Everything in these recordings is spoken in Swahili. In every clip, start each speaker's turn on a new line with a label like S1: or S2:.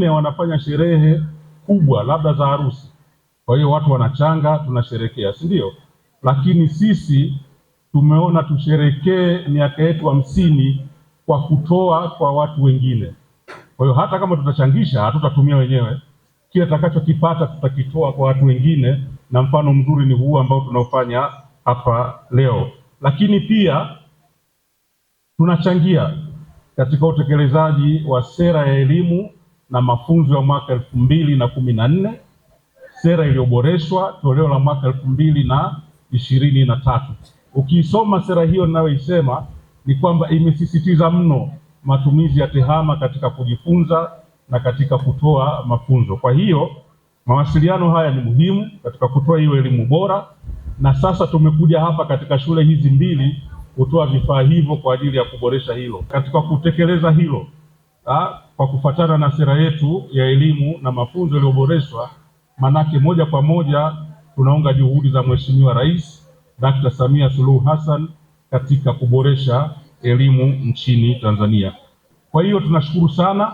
S1: wengine wanafanya sherehe kubwa, labda za harusi, kwa hiyo watu wanachanga, tunasherekea, si ndio? Lakini sisi tumeona tusherekee miaka yetu hamsini kwa kutoa kwa watu wengine. Kwa hiyo hata kama tutachangisha, hatutatumia wenyewe, kile tutakachokipata tutakitoa kwa watu wengine, na mfano mzuri ni huu ambao tunaofanya hapa leo. Lakini pia tunachangia katika utekelezaji wa sera ya elimu na mafunzo ya mwaka elfu mbili na kumi na nne sera iliyoboreshwa toleo la mwaka elfu mbili na ishirini na tatu. Ukiisoma sera hiyo ninayoisema ni kwamba imesisitiza mno matumizi ya TEHAMA katika kujifunza na katika kutoa mafunzo. Kwa hiyo mawasiliano haya ni muhimu katika kutoa hiyo elimu bora, na sasa tumekuja hapa katika shule hizi mbili kutoa vifaa hivyo kwa ajili ya kuboresha hilo, katika kutekeleza hilo Ah, kwa kufuatana na sera yetu ya elimu na mafunzo yaliyoboreshwa manake moja kwa moja tunaunga juhudi za Mheshimiwa Rais Dr. Samia Suluhu Hassan katika kuboresha elimu nchini Tanzania. Kwa hiyo tunashukuru sana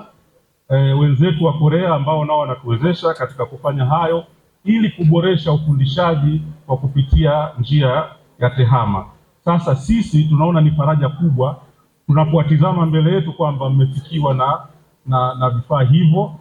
S1: e, wenzetu wa Korea ambao nao wanatuwezesha katika kufanya hayo ili kuboresha ufundishaji kwa kupitia njia ya TEHAMA. Sasa sisi tunaona ni faraja kubwa tunapowatizama mbele yetu kwamba mmefikiwa na, na, na vifaa hivyo,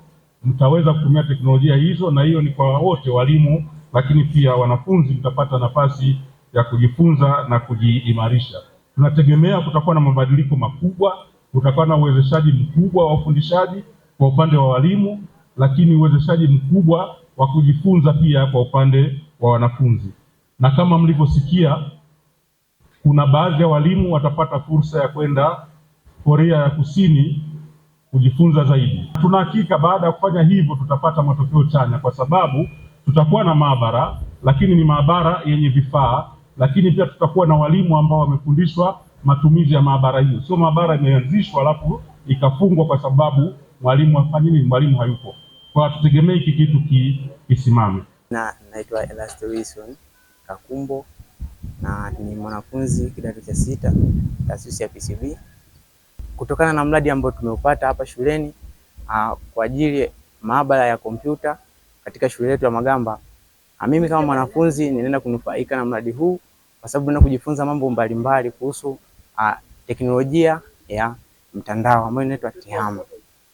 S1: mtaweza kutumia teknolojia hizo, na hiyo ni kwa wote walimu, lakini pia wanafunzi mtapata nafasi ya kujifunza na kujiimarisha. Tunategemea kutakuwa na mabadiliko makubwa, kutakuwa na uwezeshaji mkubwa wa ufundishaji kwa upande wa walimu, lakini uwezeshaji mkubwa wa kujifunza pia kwa upande wa wanafunzi, na kama mlivyosikia kuna baadhi ya walimu watapata fursa ya kwenda Korea ya Kusini kujifunza zaidi. Tuna hakika baada ya kufanya hivyo tutapata matokeo chanya, kwa sababu tutakuwa na maabara, lakini ni maabara yenye vifaa, lakini pia tutakuwa na walimu ambao wamefundishwa matumizi ya maabara hiyo, sio maabara imeanzishwa alafu ikafungwa kwa sababu mwalimu afanye nini, mwalimu hayupo. Kwa tutegemee hiki kitu kisimame.
S2: Na naitwa Elasto Wilson Kakumbo na ni mwanafunzi kidato cha sita taasisi ya PCB. Kutokana na mradi ambao tumeupata hapa shuleni uh, kwa ajili maabara ya kompyuta katika shule yetu ya Magamba, mimi kama mwanafunzi ninaenda kunufaika na mradi huu kwa sababu ninaenda kujifunza mambo mbalimbali kuhusu teknolojia ya mtandao ambayo inaitwa TEHAMA.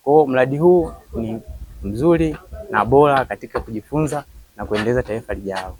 S2: Kwa hiyo mradi huu ni mzuri na bora katika kujifunza na kuendeleza taifa lijalo.